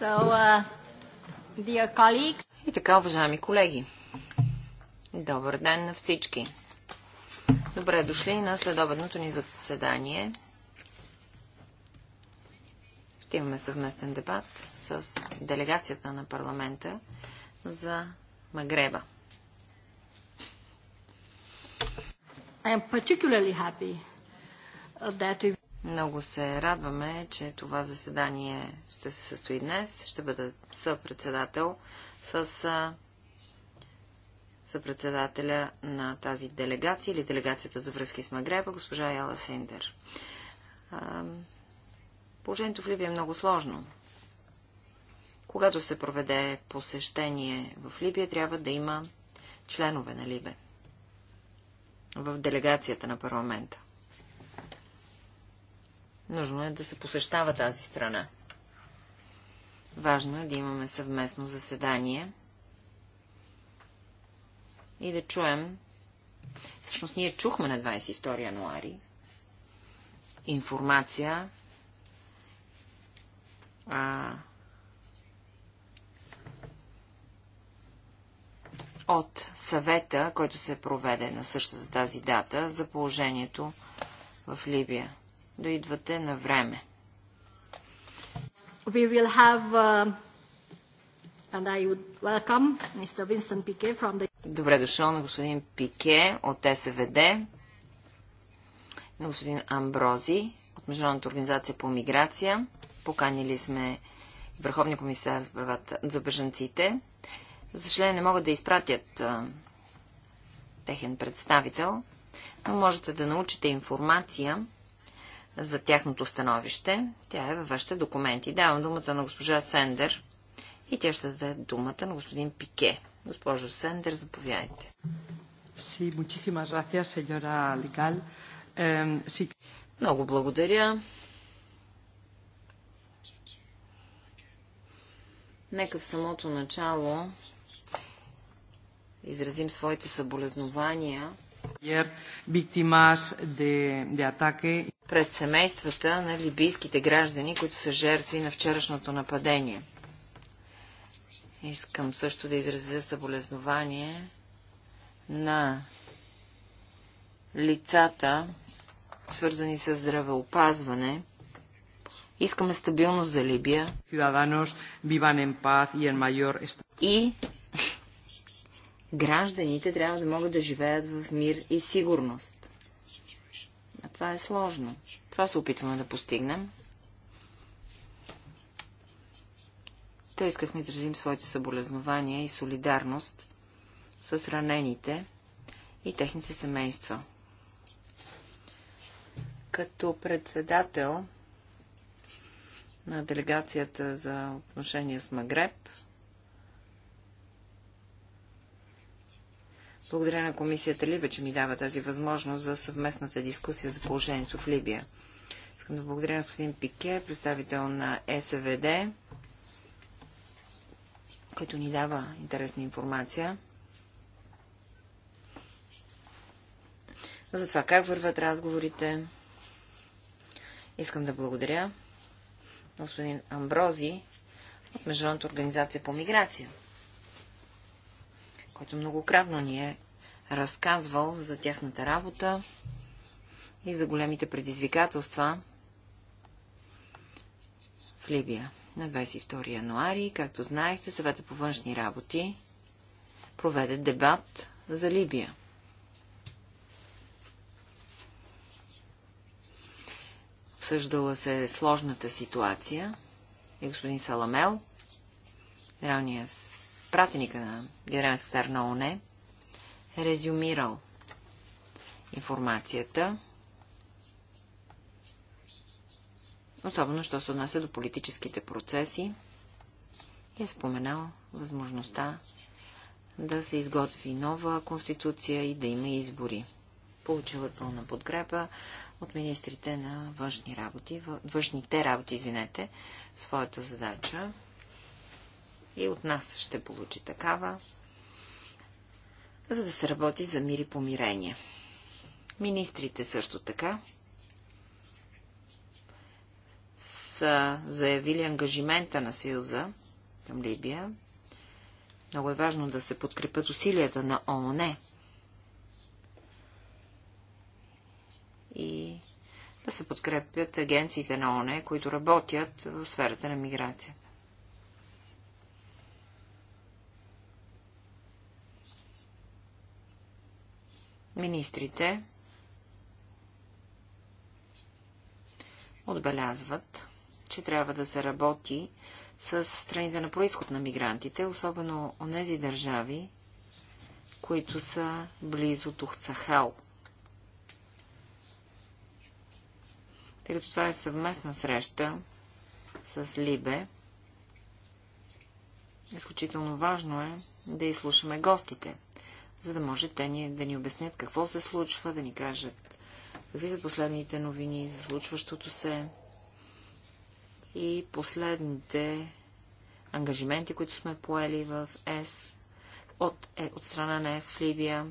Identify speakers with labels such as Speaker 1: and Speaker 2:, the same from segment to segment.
Speaker 1: So, uh,
Speaker 2: И така, уважаеми колеги, добър ден на всички. Добре дошли на следобедното ни заседание. Ще имаме съвместен дебат с делегацията на парламента за Магреба.
Speaker 1: I am particularly happy
Speaker 2: that we много се радваме, че това заседание ще се състои днес. Ще бъда съпредседател с съпредседателя на тази делегация или делегацията за връзки с Магреба, госпожа Яла Сендер. Положението в Либия е много сложно. Когато се проведе посещение в Либия, трябва да има членове на Либе в делегацията на парламента. Нужно е да се посещава тази страна. Важно е да имаме съвместно заседание и да чуем. Всъщност ние чухме на 22 януари информация а, от съвета, който се проведе на същата тази дата за положението в Либия да идвате на време. We will have, uh, and I would welcome Mr. Vincent Piquet from the... Добре дошъл на господин Пике от СВД, на господин Амбрози от Международната организация по миграция. Поканили сме Върховния комисар за, правата, за бежанците. За съжаление не могат да изпратят а, техен представител, но можете да научите информация за тяхното становище. Тя е във вашите документи. Давам думата на госпожа Сендер и тя ще даде думата на господин Пике. Госпожо Сендер, заповядайте. Си, muchísimas gracias, señora Legal. Много благодаря. Нека в самото начало изразим своите съболезнования. Виктимас де, de ataque пред семействата на либийските граждани, които са жертви на вчерашното нападение. Искам също да изразя съболезнование на лицата, свързани с здравеопазване. Искаме стабилност за Либия. И гражданите трябва да могат да живеят в мир и сигурност. А това е сложно. Това се опитваме да постигнем. Те искахме да изразим своите съболезнования и солидарност с ранените и техните семейства. Като председател на делегацията за отношения с Магреб, Благодаря на комисията Либе, че ми дава тази възможност за съвместната дискусия за положението в Либия. Искам да благодаря на господин Пике, представител на СВД, който ни дава интересна информация. За това как върват разговорите. Искам да благодаря господин Амбрози от Международната организация по миграция който многократно ни е разказвал за тяхната работа и за големите предизвикателства в Либия. На 22 януари, както знаехте, съвета по външни работи проведе дебат за Либия. Обсъждала се сложната ситуация и господин Саламел, генералният пратеника на генерален секретар на ОНЕ е резюмирал информацията, особено, що се отнася до политическите процеси, и е споменал възможността да се изготви нова конституция и да има избори. Получила е пълна подкрепа от министрите на външни работи, външните работи, извинете, своята задача и от нас ще получи такава, за да се работи за мир и помирение. Министрите също така са заявили ангажимента на Съюза към Либия. Много е важно да се подкрепят усилията на ООН и да се подкрепят агенциите на ОНЕ, които работят в сферата на миграция. Министрите отбелязват, че трябва да се работи с страните на происход на мигрантите, особено тези държави, които са близо до Сахел. Тъй като това е съвместна среща с Либе, изключително важно е да изслушаме гостите – за да може те ни, да ни обяснят какво се случва, да ни кажат какви са последните новини за случващото се и последните ангажименти, които сме поели в ЕС, от, е, от страна на ЕС в Либия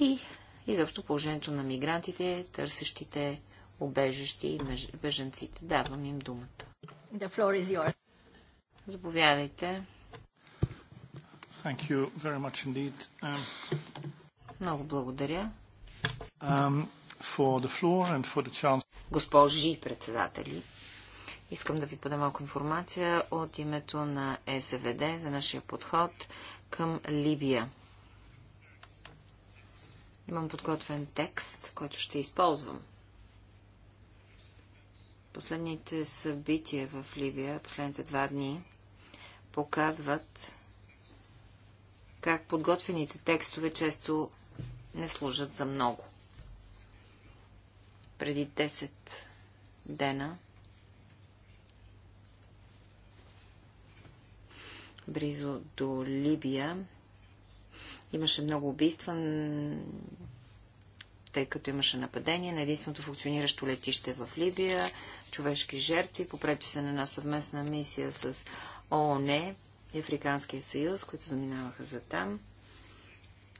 Speaker 2: и изобщо положението на мигрантите, търсещите обежащи и беженците. Давам им думата.
Speaker 3: The floor is yours.
Speaker 2: Заповядайте. Thank you very much indeed. Um, Много благодаря. Um, for the floor and for the chance... Госпожи председатели, искам да ви подам малко информация от името на СВД за нашия подход към Либия. Имам подготвен текст, който ще използвам. Последните събития в Либия, последните два дни, показват, как подготвените текстове често не служат за много. Преди 10 дена близо до Либия имаше много убийства, тъй като имаше нападение на единственото функциониращо летище в Либия, човешки жертви. Попречи се на една съвместна мисия с ООН и Африканския съюз, които заминаваха за там.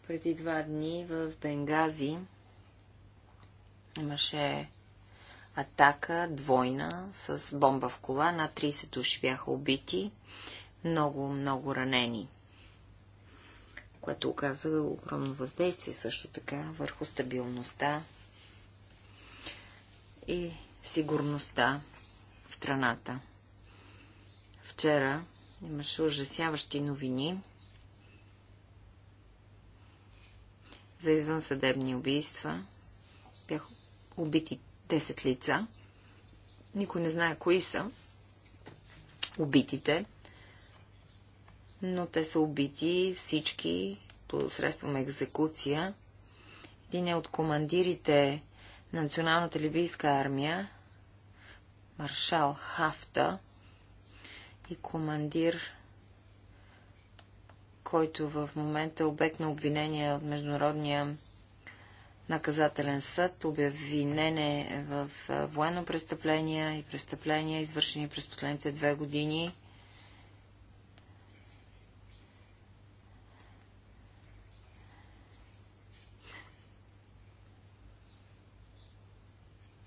Speaker 2: Преди два дни в Бенгази имаше атака двойна с бомба в кола. Над 30 души бяха убити, много, много ранени, което оказа огромно въздействие също така върху стабилността и сигурността в страната. Вчера Имаше ужасяващи новини за извънсъдебни убийства. бяха убити 10 лица. Никой не знае кои са убитите, но те са убити всички посредством екзекуция. Един е от командирите на Националната либийска армия, маршал Хафта, и командир, който в момента е обект на обвинение от Международния наказателен съд, обвинене в военно престъпление и престъпления, извършени през последните две години.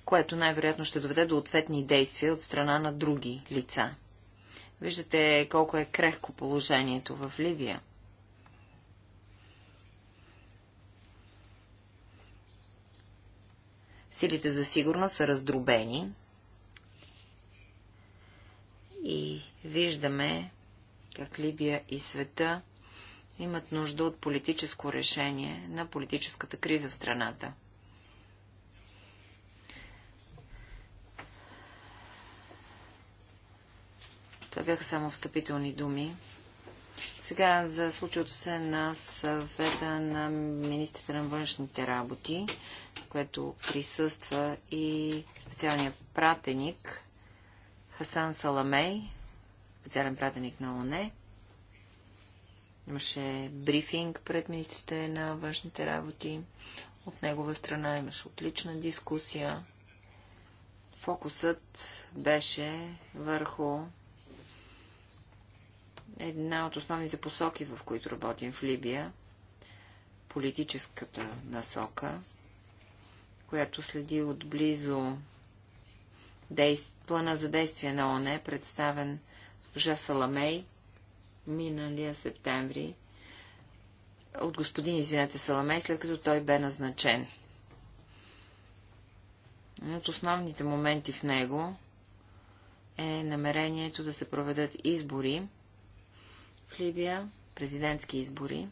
Speaker 2: което най-вероятно ще доведе до ответни действия от страна на други лица. Виждате колко е крехко положението в Ливия. Силите за сигурност са раздробени и виждаме как Либия и света имат нужда от политическо решение на политическата криза в страната. Това бяха само встъпителни думи. Сега за случилото се на съвета на министрите на външните работи, което присъства и специалният пратеник Хасан Саламей, специален пратеник на ОНЕ. Имаше брифинг пред министрите на външните работи. От негова страна имаше отлична дискусия. Фокусът беше върху една от основните посоки, в които работим в Либия, политическата насока, която следи отблизо действ... плана за действие на ОНЕ, представен Жа Саламей миналия септември от господин, извинете, Саламей, след като той бе назначен. От основните моменти в него е намерението да се проведат избори в Либия, президентски избори,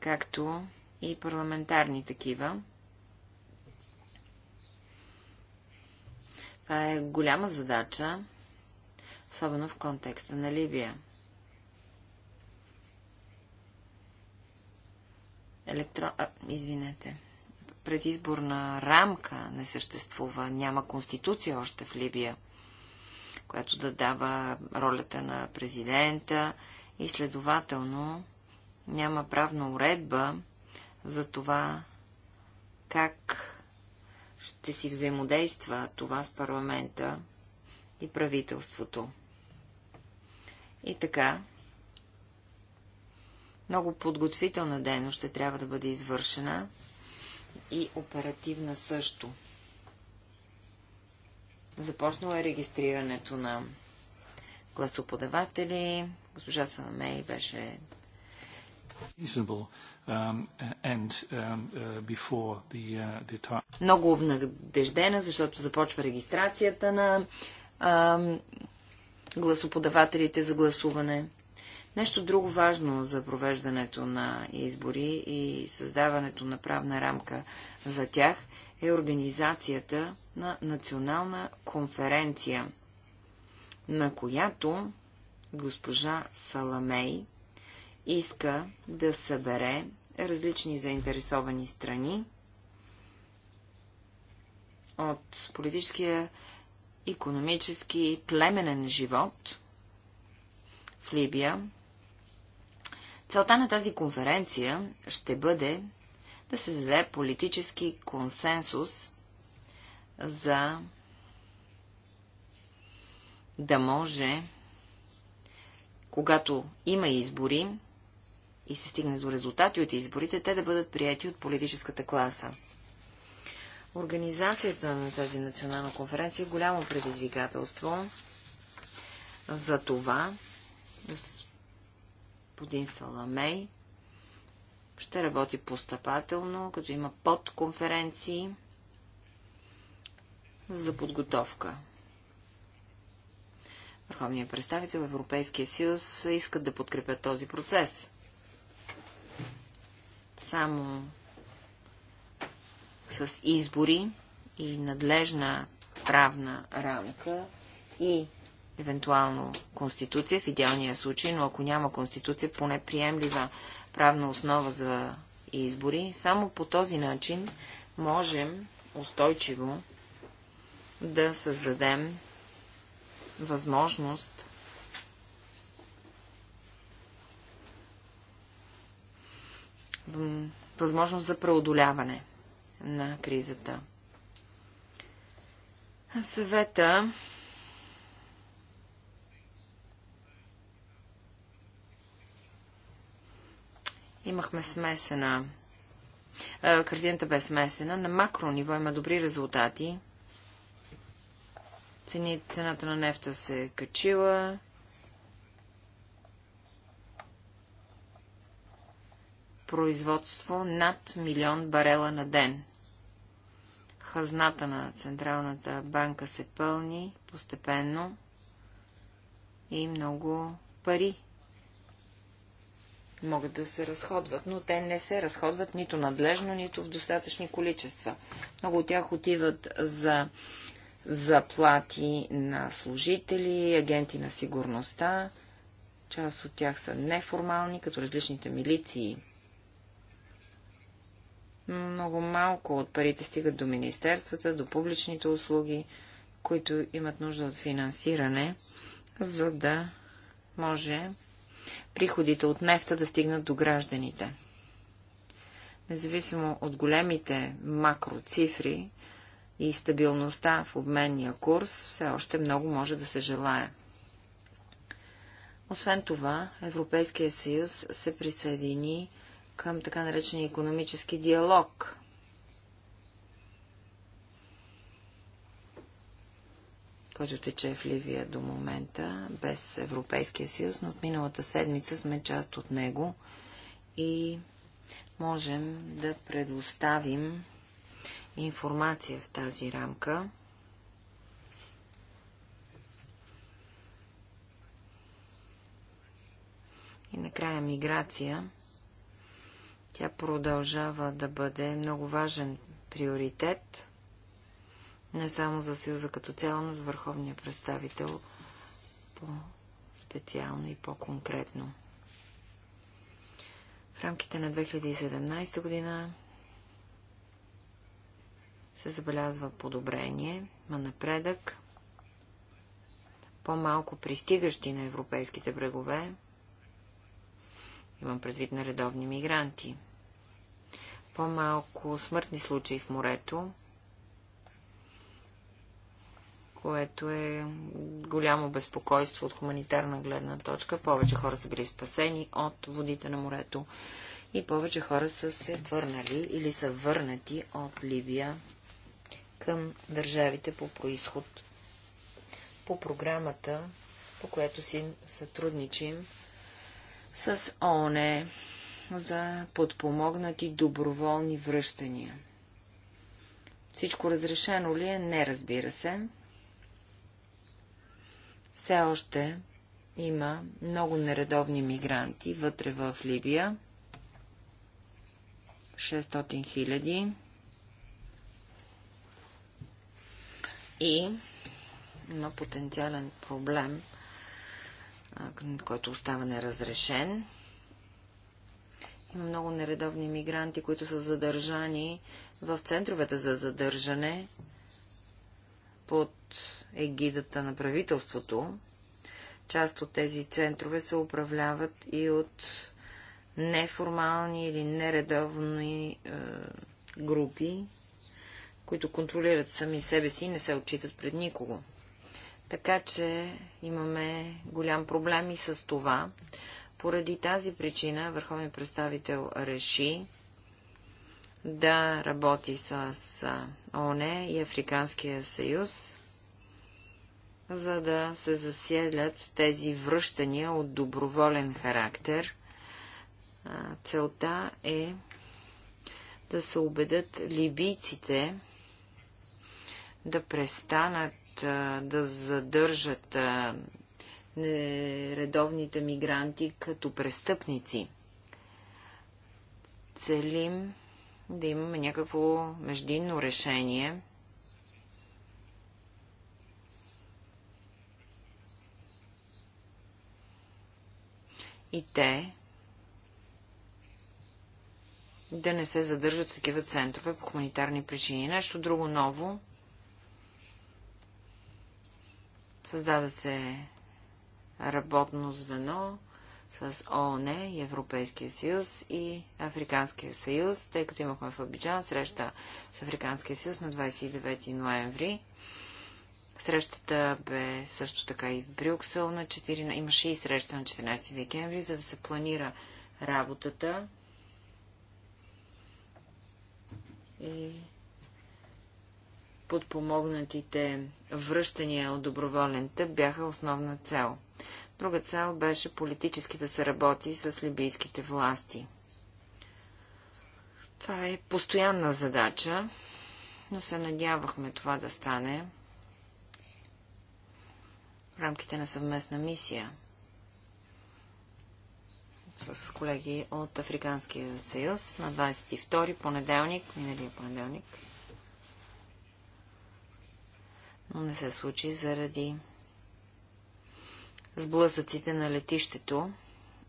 Speaker 2: както и парламентарни такива. Това е голяма задача, особено в контекста на Ливия. Електро... А, извинете. Предизборна рамка не съществува. Няма конституция още в Либия която да дава ролята на президента и следователно няма правна уредба за това как ще си взаимодейства това с парламента и правителството. И така, много подготвителна дейност ще трябва да бъде извършена и оперативна също. Започнало е регистрирането на гласоподаватели. Госпожа Саламей беше um, um, uh, uh, много обнадеждена, защото започва регистрацията на гласоподавателите за гласуване. Нещо друго важно за провеждането на избори и създаването на правна рамка за тях е организацията на национална конференция, на която госпожа Саламей иска да събере различни заинтересовани страни от политическия, економически, племенен живот в Либия. Целта на тази конференция ще бъде да се заде политически консенсус за да може, когато има избори и се стигне до резултати от изборите, те да бъдат прияти от политическата класа. Организацията на тази национална конференция е голямо предизвикателство за това господин Саламей ще работи постъпателно, като има подконференции за подготовка. Върховният представител в Европейския съюз искат да подкрепят този процес. Само с избори и надлежна правна рамка и евентуално конституция в идеалния случай, но ако няма конституция, поне приемлива правна основа за избори. Само по този начин можем устойчиво да създадем възможност възможност за преодоляване на кризата. Съвета Имахме смесена. Картината бе смесена. На макро ниво има добри резултати. Цени, цената на нефта се е качила. Производство над милион барела на ден. Хазната на Централната банка се пълни постепенно и много пари могат да се разходват, но те не се разходват нито надлежно, нито в достатъчни количества. Много от тях отиват за заплати на служители, агенти на сигурността. Част от тях са неформални, като различните милиции. Много малко от парите стигат до министерствата, до публичните услуги, които имат нужда от финансиране, за да може приходите от нефта да стигнат до гражданите. Независимо от големите макроцифри и стабилността в обменния курс, все още много може да се желая. Освен това, Европейския съюз се присъедини към така наречения економически диалог, който тече в Ливия до момента, без Европейския съюз, но от миналата седмица сме част от него и можем да предоставим информация в тази рамка. И накрая миграция. Тя продължава да бъде много важен приоритет не само за Съюза като цяло, но за върховния представител по-специално и по-конкретно. В рамките на 2017 година се забелязва подобрение, ма напредък, по-малко пристигащи на европейските брегове, имам предвид на редовни мигранти, по-малко смъртни случаи в морето, което е голямо безпокойство от хуманитарна гледна точка. Повече хора са били спасени от водите на морето и повече хора са се върнали или са върнати от Либия към държавите по происход. По програмата, по която си сътрудничим с ООН за подпомогнати доброволни връщания. Всичко разрешено ли е? Не, разбира се все още има много нередовни мигранти вътре в Либия. 600 хиляди. И има потенциален проблем, който остава неразрешен. Има много нередовни мигранти, които са задържани в центровете за задържане под егидата на правителството. Част от тези центрове се управляват и от неформални или нередовни е, групи, които контролират сами себе си и не се отчитат пред никого. Така че имаме голям проблем и с това. Поради тази причина върховният представител реши да работи с ОНЕ и Африканския съюз, за да се заселят тези връщания от доброволен характер. Целта е да се убедят либийците да престанат да задържат нередовните мигранти като престъпници. Целим да имаме някакво междинно решение. И те да не се задържат такива центрове по хуманитарни причини. Нещо друго ново. Създава се работно звено с ООН и Европейския съюз и Африканския съюз, тъй като имахме в Абиджан среща с Африканския съюз на 29 ноември. Срещата бе също така и в Брюксел на 14... Имаше и среща на 14 декември, за да се планира работата и подпомогнатите връщания от доброволен тъп бяха основна цел. Друга цел беше политически да се работи с либийските власти. Това е постоянна задача, но се надявахме това да стане в рамките на съвместна мисия с колеги от Африканския съюз на 22 и понеделник, миналия понеделник. Но не се случи заради сблъсъците на летището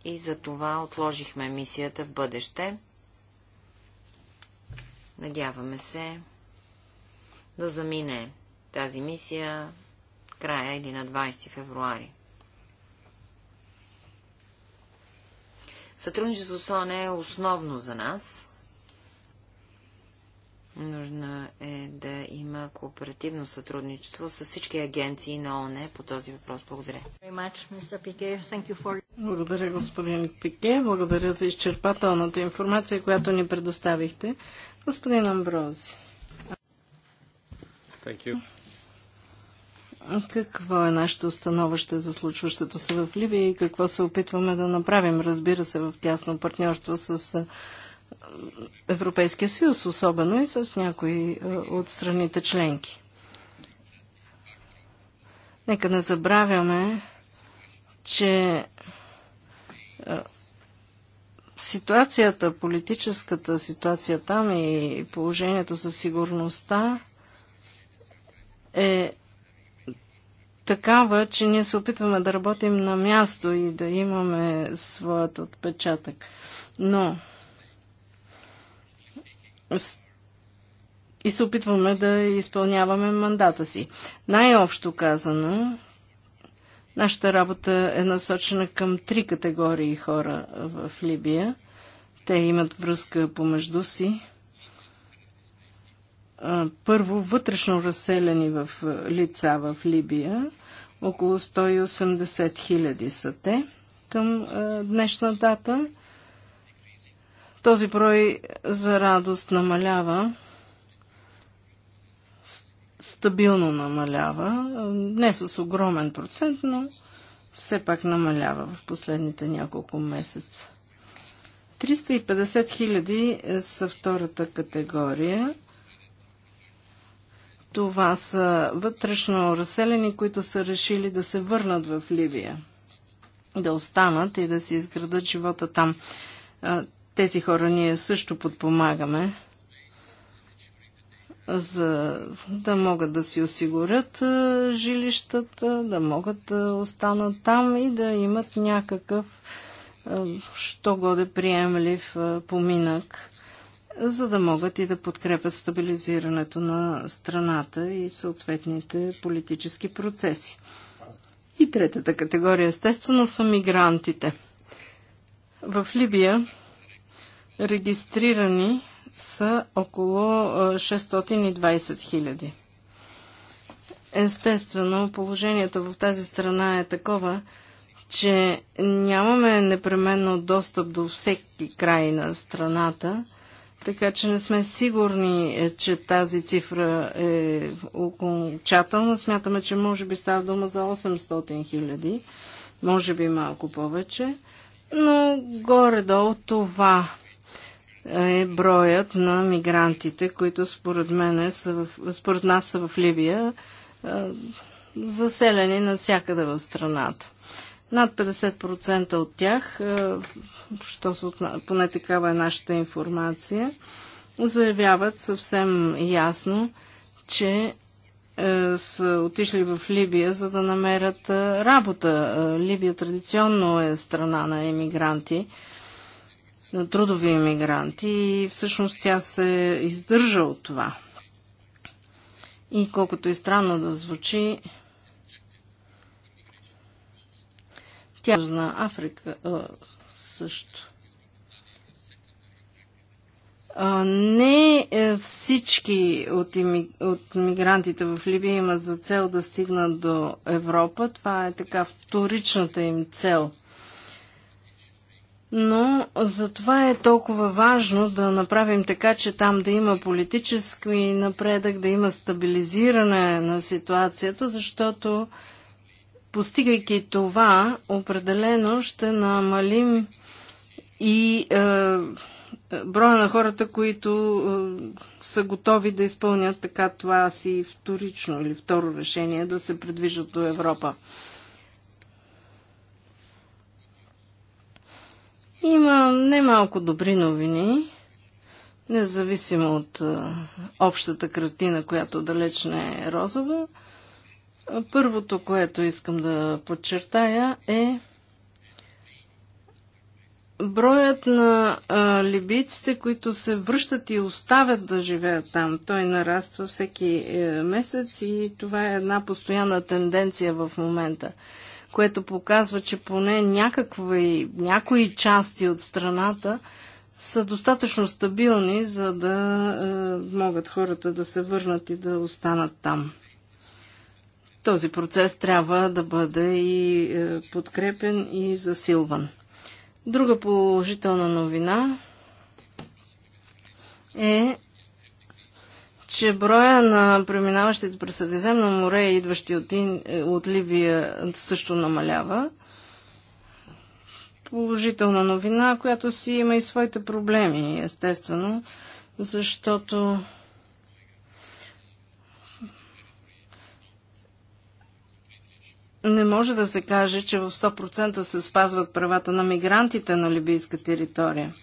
Speaker 2: и за това отложихме мисията в бъдеще. Надяваме се да замине тази мисия края или на 20 февруари. Сътрудничеството с ОНЕ е основно за нас. Нужно е да има кооперативно сътрудничество с всички агенции на ОНЕ по този въпрос. Благодаря.
Speaker 1: Благодаря, господин Пике. Благодаря за изчерпателната информация, която ни предоставихте. Господин Амбрози. Какво е нашето становище за случващото се в Ливия и какво се опитваме да направим, разбира се, в тясно партньорство с Европейския съюз, особено и с някои е, от страните членки. Нека не забравяме, че е, ситуацията, политическата ситуация там и положението със сигурността е такава, че ние се опитваме да работим на място и да имаме своят отпечатък. Но и се опитваме да изпълняваме мандата си. Най-общо казано, нашата работа е насочена към три категории хора в Либия. Те имат връзка помежду си. Първо, вътрешно разселени в лица в Либия. Около 180 хиляди са те към днешна дата – този брой за радост намалява, стабилно намалява, не с огромен процент, но все пак намалява в последните няколко месеца. 350 хиляди са втората категория. Това са вътрешно разселени, които са решили да се върнат в Ливия, да останат и да си изградат живота там. Тези хора ние също подпомагаме, за да могат да си осигурят жилищата, да могат да останат там и да имат някакъв що годе приемлив поминък, за да могат и да подкрепят стабилизирането на страната и съответните политически процеси. И третата категория, естествено, са мигрантите. В Либия регистрирани са около 620 хиляди. Естествено, положението в тази страна е такова, че нямаме непременно достъп до всеки край на страната, така че не сме сигурни, е, че тази цифра е окончателна. Смятаме, че може би става дума за 800 хиляди, може би малко повече, но горе-долу това е броят на мигрантите, които според, мен е, са в, според нас са в Либия е, заселени навсякъде в страната. Над 50% от тях, е, що са, поне такава е нашата информация, заявяват съвсем ясно, че е, са отишли в Либия, за да намерят работа. Либия традиционно е страна на емигранти трудови емигранти и всъщност тя се издържа от това. И колкото и странно да звучи, тя на Африка също. Не е, всички от, ими, от мигрантите в Либия имат за цел да стигнат до Европа. Това е така вторичната им цел – но за това е толкова важно да направим така, че там да има политически напредък, да има стабилизиране на ситуацията, защото постигайки това, определено ще намалим и е, броя на хората, които е, са готови да изпълнят така това си вторично или второ решение да се придвижат до Европа. Има немалко добри новини, независимо от общата картина, която далеч не е розова. Първото, което искам да подчертая е броят на либийците, които се връщат и оставят да живеят там, той нараства всеки е, месец и това е една постоянна тенденция в момента което показва, че поне някакви, някои части от страната са достатъчно стабилни, за да е, могат хората да се върнат и да останат там. Този процес трябва да бъде и е, подкрепен и засилван. Друга положителна новина е че броя на преминаващите през Средиземно море идващи от, Ин... от Либия също намалява. Положителна новина, която си има и своите проблеми, естествено, защото не може да се каже, че в 100% се спазват правата на мигрантите на либийска територия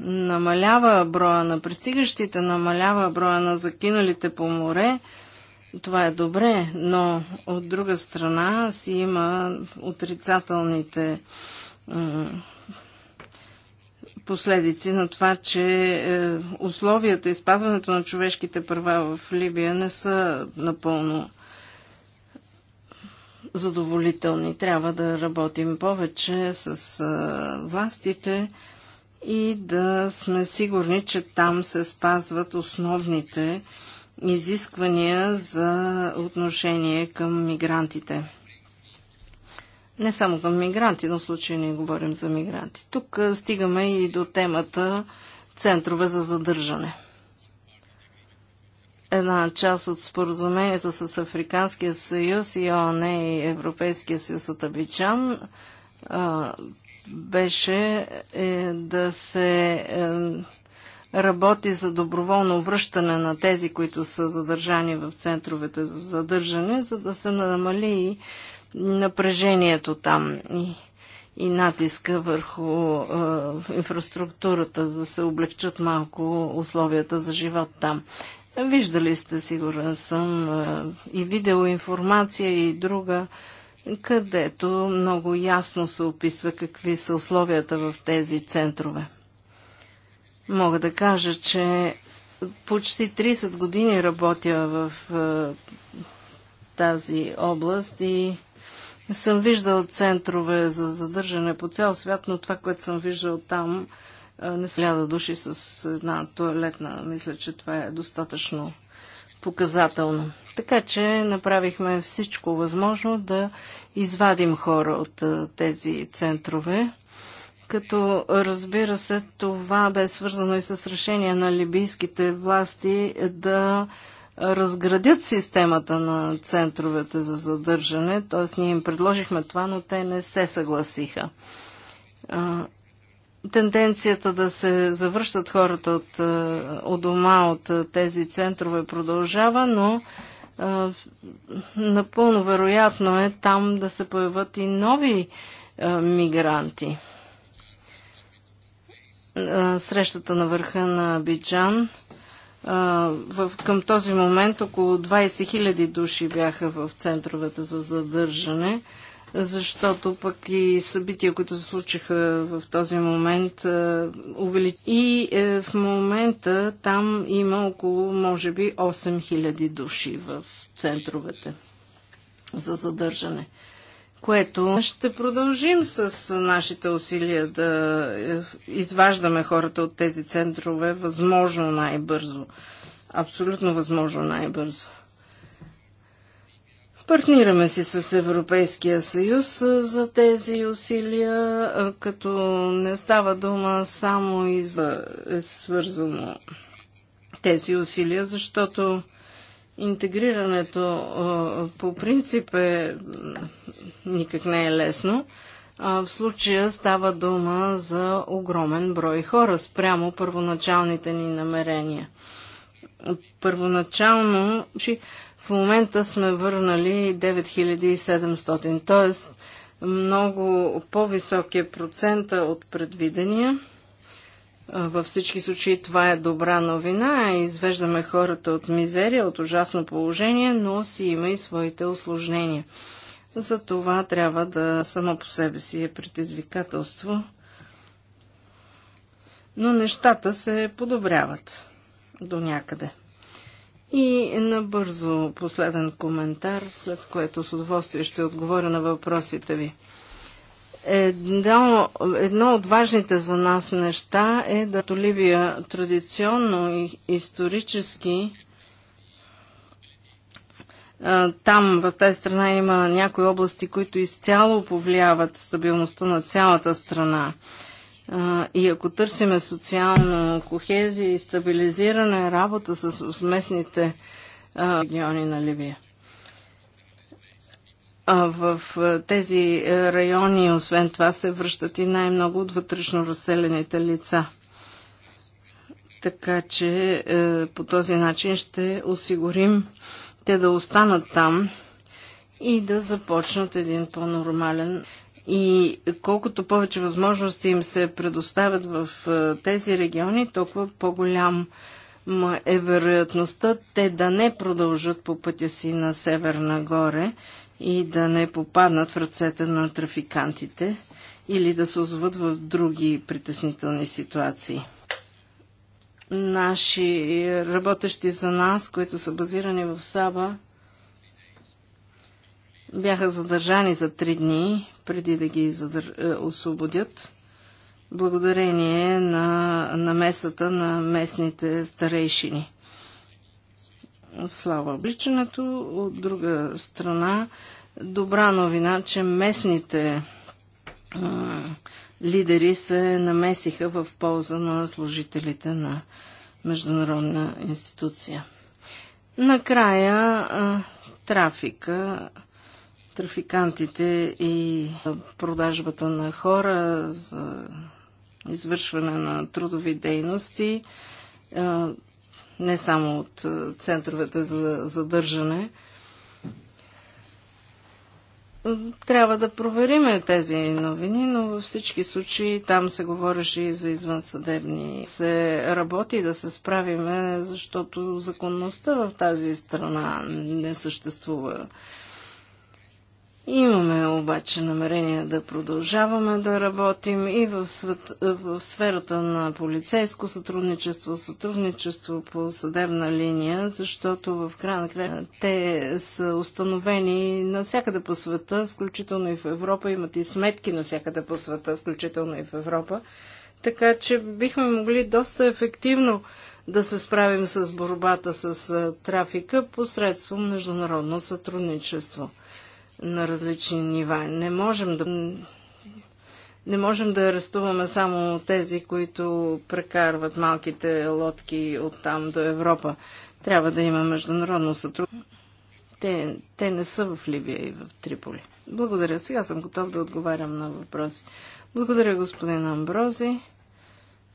Speaker 1: намалява броя на пристигащите, намалява броя на закиналите по море. Това е добре, но от друга страна си има отрицателните последици на това, че е, условията и спазването на човешките права в Либия не са напълно задоволителни. Трябва да работим повече с е, властите и да сме сигурни, че там се спазват основните изисквания за отношение към мигрантите. Не само към мигранти, но в случая не говорим за мигранти. Тук стигаме и до темата центрове за задържане. Една част от споразумението с Африканския съюз и ОНЕ и Европейския съюз от Абичан беше е, да се е, работи за доброволно връщане на тези, които са задържани в центровете за задържане, за да се намали и напрежението там и, и натиска върху е, инфраструктурата, да се облегчат малко условията за живот там. Виждали сте, сигурен съм, е, и видеоинформация и друга е, където много ясно се описва какви са условията в тези центрове. Мога да кажа, че почти 30 години работя в е, тази област и съм виждал центрове за задържане по цял свят, но това, което съм виждал там, е, не са души с една туалетна. Мисля, че това е достатъчно показателно. Така че направихме всичко възможно да извадим хора от тези центрове. Като разбира се, това бе свързано и с решение на либийските власти да разградят системата на центровете за задържане, т.е. ние им предложихме това, но те не се съгласиха тенденцията да се завръщат хората от, е, от дома, от е, тези центрове продължава, но а, е, напълно вероятно е там да се появят и нови а, мигранти. А, срещата на върха на Биджан. В, към този момент около 20 000 души бяха в центровете за задържане защото пък и събития, които се случиха в този момент, е, увеличи. И е, в момента там има около, може би, 8000 души в центровете за задържане. Което ще продължим с нашите усилия да е, изваждаме хората от тези центрове възможно най-бързо. Абсолютно възможно най-бързо. Партнираме си с Европейския съюз за тези усилия, като не става дума само и за е свързано тези усилия, защото интегрирането по принцип е никак не е лесно. В случая става дума за огромен брой хора спрямо първоначалните ни намерения. Първоначално, в момента сме върнали 9700, т.е. много по-висок е процента от предвидения. Във всички случаи това е добра новина. Извеждаме хората от мизерия, от ужасно положение, но си има и своите осложнения. За това трябва да само по себе си е предизвикателство. Но нещата се подобряват до някъде. И набързо последен коментар, след което с удоволствие ще отговоря на въпросите ви. Едно, едно от важните за нас неща е да Толивия традиционно и исторически там, в тази страна има някои области, които изцяло повлияват стабилността на цялата страна. И ако търсиме социална кохезия и стабилизиране работа с местните региони на Ливия. А в тези райони, освен това, се връщат и най-много от вътрешно разселените лица. Така че по този начин ще осигурим те да останат там и да започнат един по-нормален и колкото повече възможности им се предоставят в е, тези региони, толкова по-голям е вероятността те да не продължат по пътя си на север нагоре и да не попаднат в ръцете на трафикантите или да се озоват в други притеснителни ситуации. Наши работещи за нас, които са базирани в Саба, бяха задържани за три дни, преди да ги задър... Е, освободят, благодарение на намесата на местните старейшини. Слава обичането. От друга страна, добра новина, че местните а, лидери се намесиха в полза на служителите на международна институция. Накрая а, трафика трафикантите и продажбата на хора за извършване на трудови дейности, не само от центровете за задържане. Трябва да провериме тези новини, но във всички случаи там се говореше и за извънсъдебни. Се работи да се справиме, защото законността в тази страна не съществува. Имаме обаче намерение да продължаваме да работим и в, свет, в сферата на полицейско сътрудничество, сътрудничество по съдебна линия, защото в края на края те са установени навсякъде по света, включително и в Европа, имат и сметки навсякъде по света, включително и в Европа. Така че бихме могли доста ефективно да се справим с борбата с трафика посредством международно сътрудничество на различни нива. Не можем да, не можем да арестуваме само тези, които прекарват малките лодки от там до Европа. Трябва да има международно сътрудничество. Те, те не са в Ливия и в Триполи. Благодаря. Сега съм готов да отговарям на въпроси. Благодаря, господин Амбрози.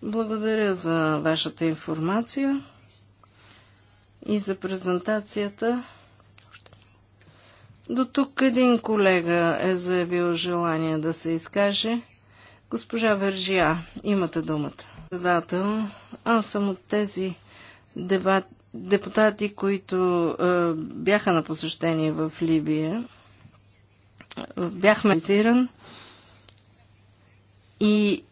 Speaker 1: Благодаря за вашата информация и за презентацията. До тук един колега е заявил желание да се изкаже. Госпожа Вержия, имате думата. Задател, аз съм от тези дебат, депутати, които е, бяха на посещение в Либия. Бях медициран и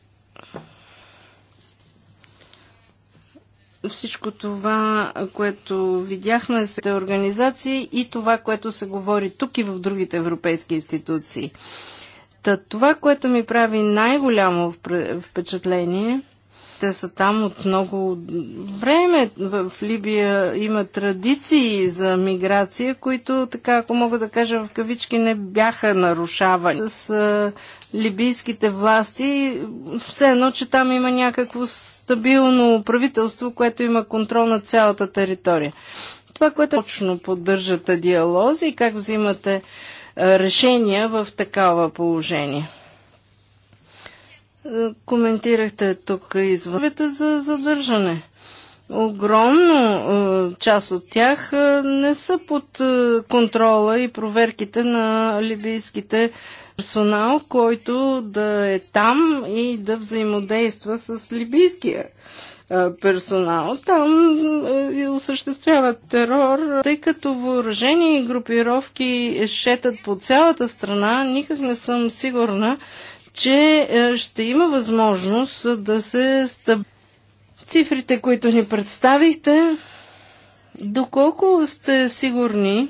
Speaker 1: всичко това, което видяхме с организации и това, което се говори тук и в другите европейски институции. Та, това, което ми прави най-голямо впечатление те са там от много време. В Либия има традиции за миграция, които, така ако мога да кажа в кавички, не бяха нарушавани. С либийските власти, все едно, че там има някакво стабилно правителство, което има контрол на цялата територия. Това, което точно поддържате диалози и как взимате решения в такава положение коментирахте тук извървите за задържане. Огромно е, част от тях е, не са под е, контрола и проверките на либийските персонал, който да е там и да взаимодейства с либийския персонал. Там е, осъществяват терор, тъй като въоръжени групировки шетат по цялата страна. Никак не съм сигурна, че ще има възможност да се стъп... Цифрите, които ни представихте, доколко сте сигурни,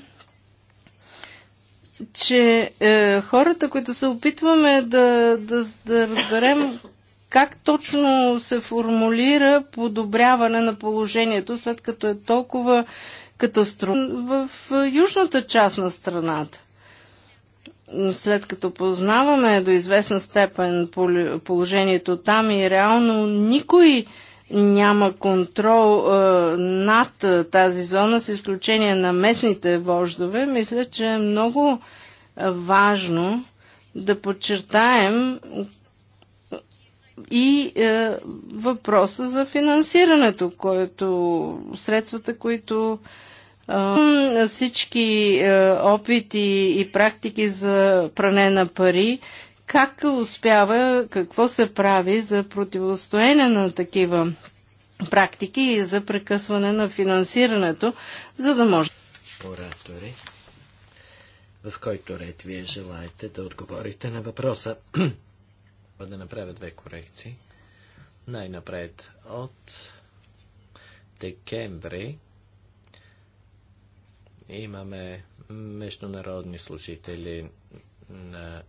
Speaker 1: че е, хората, които се опитваме да, да, да разберем как точно се формулира подобряване на положението, след като е толкова катастрофа в южната част на страната след като познаваме до известна степен положението там и реално никой няма контрол а, над тази зона, с изключение на местните вождове, мисля, че е много важно да подчертаем и е, въпроса за финансирането, което средствата, които всички е, опити и практики за пране на пари, как успява, какво се прави за противостояние на такива практики и за прекъсване на финансирането, за да може.
Speaker 3: Оратори, в който ред вие желаете да отговорите на въпроса? да направя две корекции. Най-напред от декември Имаме международни служители на,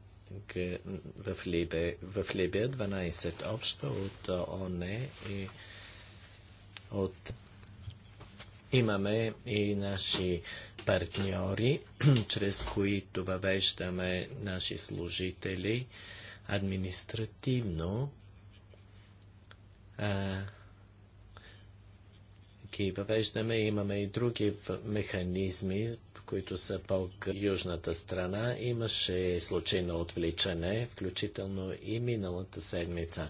Speaker 3: в, Либе, в Либия, 12 общо от ОНЕ и от Имаме и наши партньори, чрез които въвеждаме наши служители административно. А, мерки въвеждаме. Имаме и други механизми, които са по южната страна. Имаше случай на отвличане, включително и миналата седмица.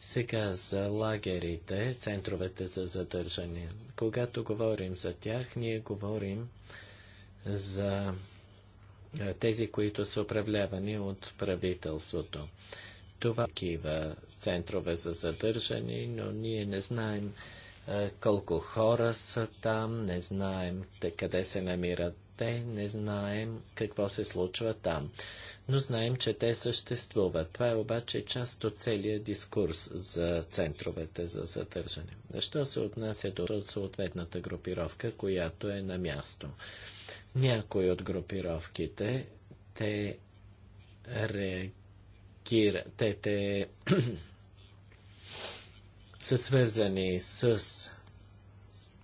Speaker 3: Сега за лагерите, центровете за задържане. Когато говорим за тях, ние говорим за тези, които са управлявани от правителството. Това е кива центрове за задържане, но ние не знаем е, колко хора са там, не знаем къде се намират те, не знаем какво се случва там. Но знаем, че те съществуват. Това е обаче част от целият дискурс за центровете за задържане. Защо се отнася до съответната групировка, която е на място? Някои от групировките, те реагират, те, те са свързани с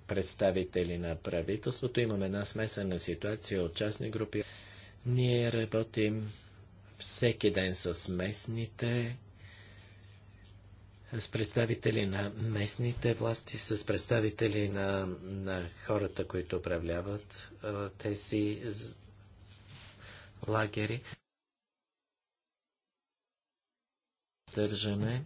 Speaker 3: представители на правителството. Имаме една смесена ситуация от частни групи. Ние работим всеки ден с местните, с представители на местните власти, с представители на, на хората, които управляват тези лагери. Държане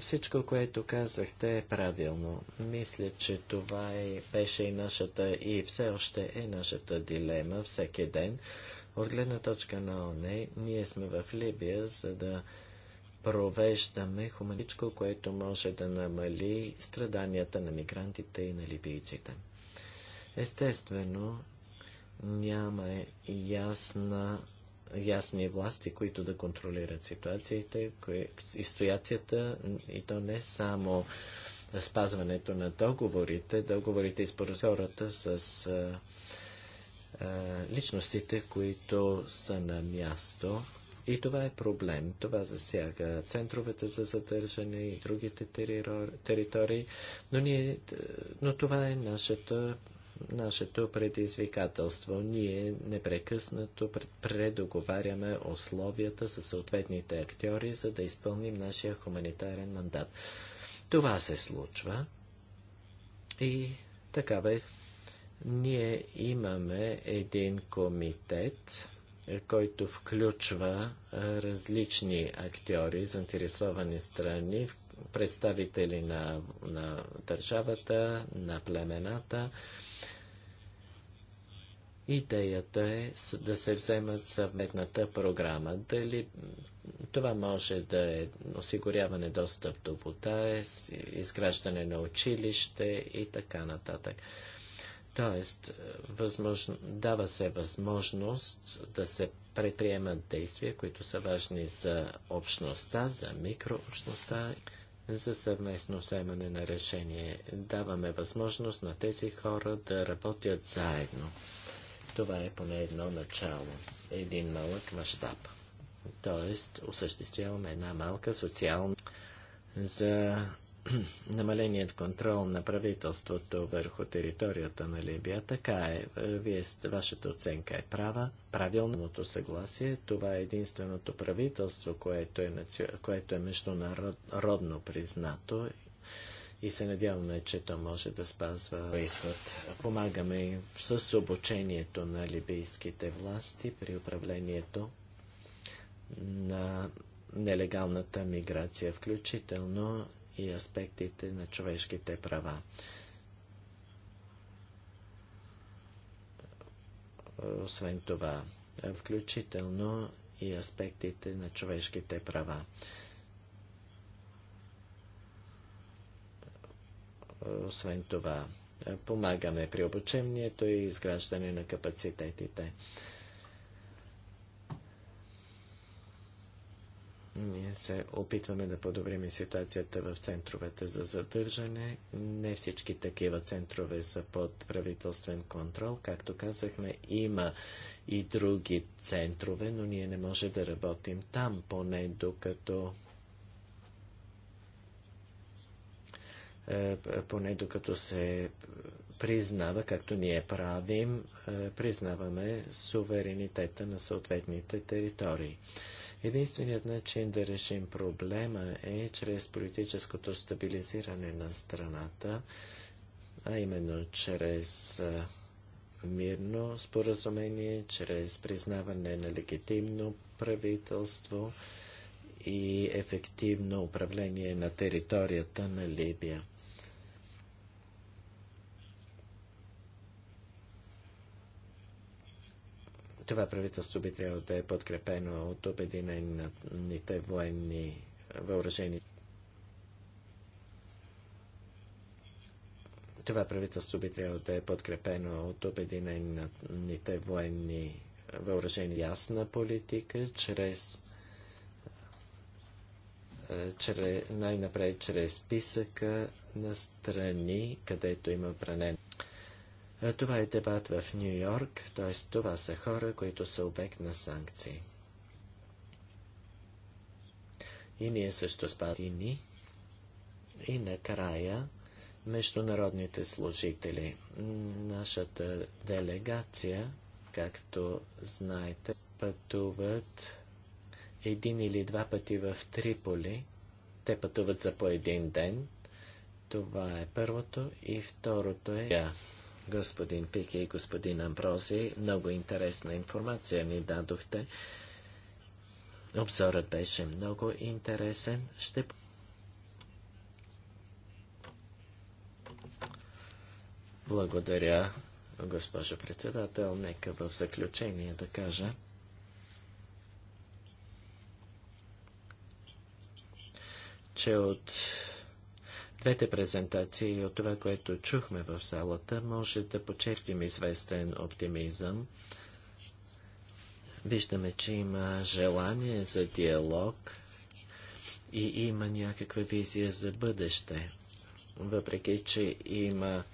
Speaker 3: Всичко, което казахте е правилно. Мисля, че това е, беше и нашата и все още е нашата дилема всеки ден. От гледна точка на ОНЕ, ние сме в Либия, за да провеждаме хуманичко, което може да намали страданията на мигрантите и на либийците. Естествено, няма ясна ясни власти, които да контролират ситуацията кои, и стояцията, и то не само спазването на договорите, договорите и споразората с а, а, личностите, които са на място. И това е проблем. Това засяга центровете за задържане и другите територии, но, ние, но това е нашата нашето предизвикателство. Ние непрекъснато предоговаряме условията със съответните актьори, за да изпълним нашия хуманитарен мандат. Това се случва и такава е. Ние имаме един комитет, който включва различни актьори, заинтересовани страни, представители на, на държавата, на племената. Идеята е да се вземат съвметната програма. Дали това може да е осигуряване достъп до вода, е изграждане на училище и така нататък. Тоест, е, възможно, дава се възможност да се предприемат действия, които са важни за общността, за микрообщността за съвместно вземане на решение. Даваме възможност на тези хора да работят заедно. Това е поне едно начало, един малък мащаб. Тоест, осъществяваме една малка социална за намаленият контрол на правителството върху територията на Либия. Така е. Вие, вашата оценка е права. Правилното съгласие. Това е единственото правителство, което е, наци... което е международно признато и се надяваме, че то може да спазва изход. Помагаме с обучението на либийските власти при управлението на нелегалната миграция, включително и аспектите на човешките права. Освен това, включително и аспектите на човешките права. Освен това, помагаме при обучението и изграждане на капацитетите. Ние се опитваме да подобрим ситуацията в центровете за задържане. Не всички такива центрове са под правителствен контрол. Както казахме, има и други центрове, но ние не може да работим там, поне докато е, поне докато се признава, както ние правим, е, признаваме суверенитета на съответните територии. Единственият начин да решим проблема е чрез политическото стабилизиране на страната, а именно чрез мирно споразумение, чрез признаване на легитимно правителство и ефективно управление на територията на Либия. това правителство би трябвало да е подкрепено от Обединените военни въоръжени. Това правителство би трябвало да е подкрепено от Обединените военни въоръжени. Ясна политика чрез най-напред чрез списъка на страни, където има пране. Е, това е дебат в Нью Йорк, т.е. това са хора, които са обект на санкции. И ние също спадини. И накрая международните служители. Нашата делегация, както знаете, пътуват един или два пъти в Триполи. Те пътуват за по един ден. Това е първото и второто е господин Пики и господин Амбрози. Много интересна информация ни дадохте. Обзорът беше много интересен. Ще Благодаря, госпожо председател. Нека в заключение да кажа, че от двете презентации и от това, което чухме в залата, може да почерпим известен оптимизъм. Виждаме, че има желание за диалог и има някаква визия за бъдеще. Въпреки, че има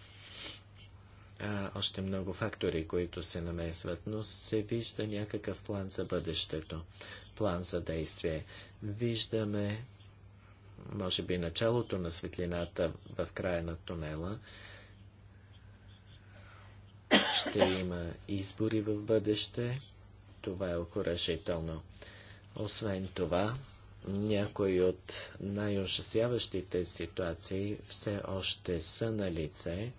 Speaker 3: а, още много фактори, които се намесват, но се вижда някакъв план за бъдещето, план за действие. Виждаме може би началото на светлината в края на тунела. Ще има избори в бъдеще. Това е окоръжително. Освен това, някои от най-ужасяващите ситуации все още са на лице.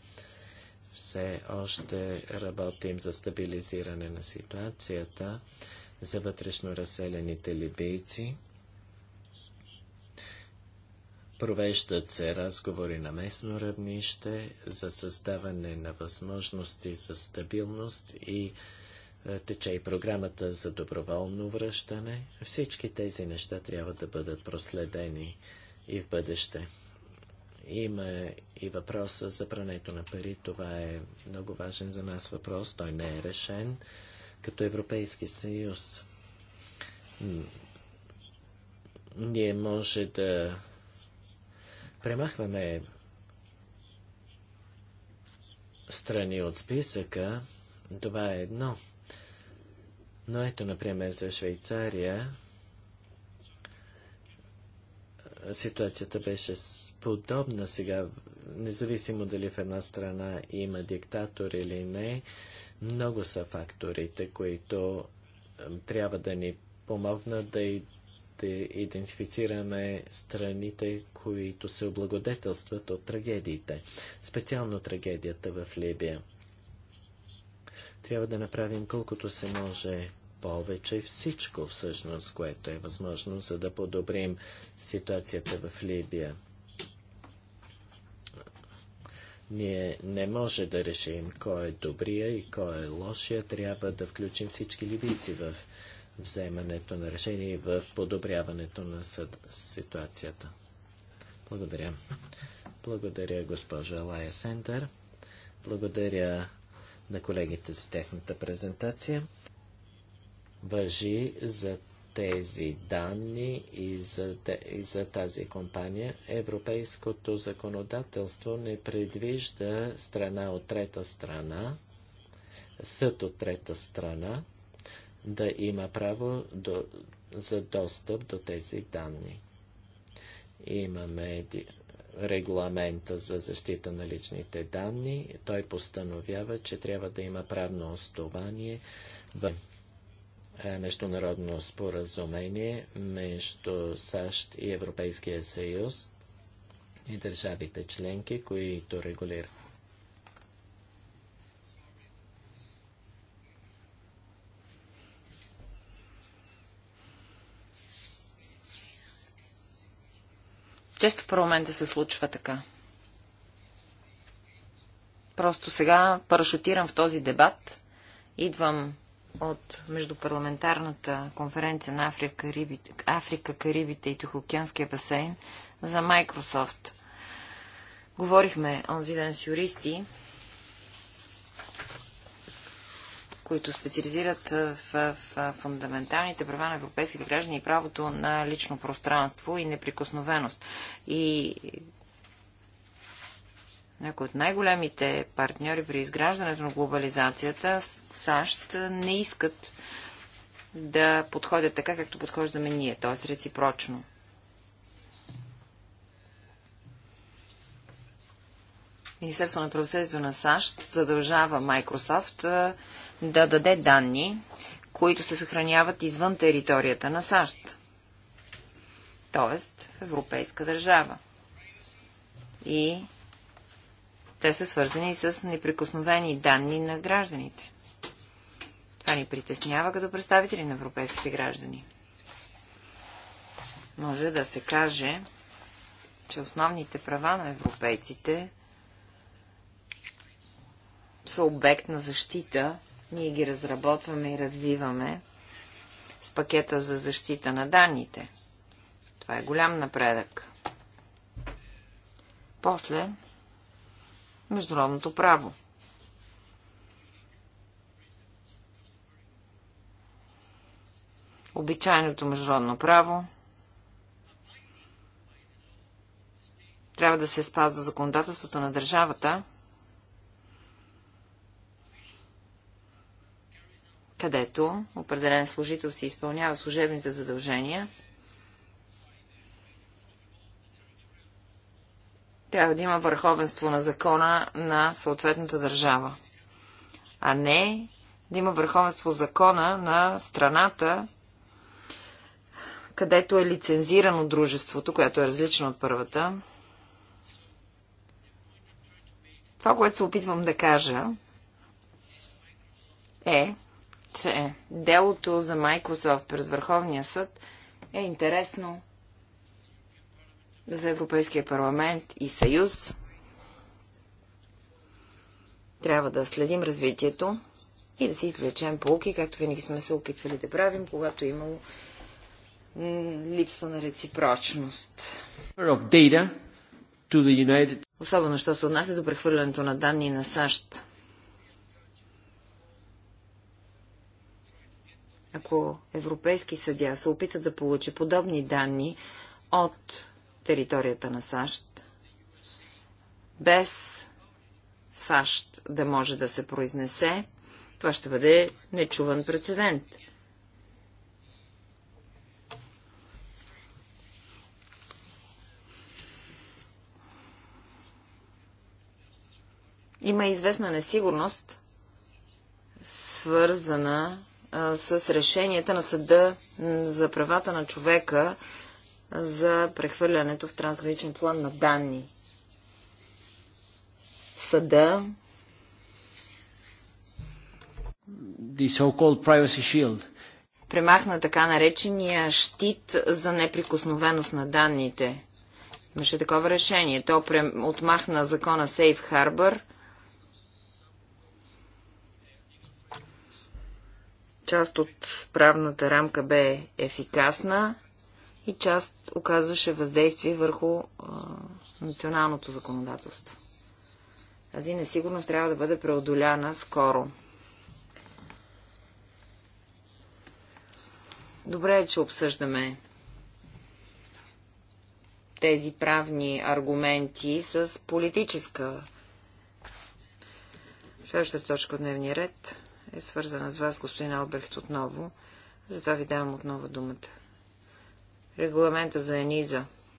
Speaker 3: Все още работим за стабилизиране на ситуацията за вътрешно разселените либийци. Провеждат се разговори на местно равнище за създаване на възможности за стабилност и е, тече и програмата за доброволно връщане. Всички тези неща трябва да бъдат проследени и в бъдеще. Има и въпроса за прането на пари. Това е много важен за нас въпрос. Той не е решен като Европейски съюз. Ние може да премахваме страни от списъка, това е едно. Но ето, например, за Швейцария ситуацията беше подобна сега, независимо дали в една страна има диктатор или не, много са факторите, които трябва да ни помогнат да и ще идентифицираме страните, които се облагодетелстват от трагедиите, специално трагедията в Либия. Трябва да направим колкото се може повече всичко всъщност, което е възможно, за да подобрим ситуацията в Либия. Ние не може да решим кой е добрия и кой е лошия. Трябва да включим всички либийци в вземането на решение и в подобряването на ситуацията. Благодаря. Благодаря, госпожа Лая Сендър, Благодаря на колегите за техната презентация. Въжи за тези данни и за, и за тази компания, европейското законодателство не предвижда страна от трета страна, съд от трета страна да има право до, за достъп до тези данни. Имаме регламента за защита на личните данни. Той постановява, че трябва да има правно основание в е, международно споразумение между САЩ и Европейския съюз и държавите членки, които регулират
Speaker 2: Често в парламента се случва така. Просто сега парашутирам в този дебат. Идвам от Междупарламентарната конференция на Африка, Карибите, Африка, Карибите и Тихоокеанския басейн за Microsoft. Говорихме онзи ден с юристи които специализират в, в, фундаменталните права на европейските граждани и правото на лично пространство и неприкосновеност. И някои от най-големите партньори при изграждането на глобализацията, САЩ, не искат да подходят така, както подхождаме ние, т.е. реципрочно. Министерство на правосъдието на САЩ задължава Microsoft да даде данни, които се съхраняват извън територията на САЩ, т.е. в европейска държава. И те са свързани с неприкосновени данни на гражданите. Това ни притеснява като представители на европейските граждани. Може да се каже, че основните права на европейците са обект на защита ние ги разработваме и развиваме с пакета за защита на данните. Това е голям напредък. После международното право. Обичайното международно право трябва да се спазва законодателството на държавата – където определен служител си изпълнява служебните задължения, трябва да има върховенство на закона на съответната държава, а не да има върховенство закона на страната, където е лицензирано дружеството, което е различно от първата. Това, което се опитвам да кажа, е, че делото за Microsoft през Върховния съд е интересно за Европейския парламент и Съюз. Трябва да следим развитието и да си извлечем полки, както винаги сме се опитвали да правим, когато е имало липса на реципрочност. Особено, що се отнася до прехвърлянето на данни на САЩ. Ако европейски съдя се опита да получи подобни данни от територията на САЩ, без САЩ да може да се произнесе, това ще бъде нечуван прецедент. Има известна несигурност, свързана а, с решенията на съда за правата на човека за прехвърлянето в трансграничен план на данни. Съда
Speaker 3: the so-called privacy shield.
Speaker 2: Премахна така наречения щит за неприкосновеност на данните. Имаше такова решение. То отмахна закона Safe Harbor Част от правната рамка бе ефикасна и част оказваше въздействие върху а, националното законодателство. Тази несигурност трябва да бъде преодоляна скоро. Добре е, че обсъждаме тези правни аргументи с политическа. Следващата точка от дневния ред е свързана с вас, господин Албрехт, отново. Затова ви давам отново думата. Регламента за ЕНИЗА –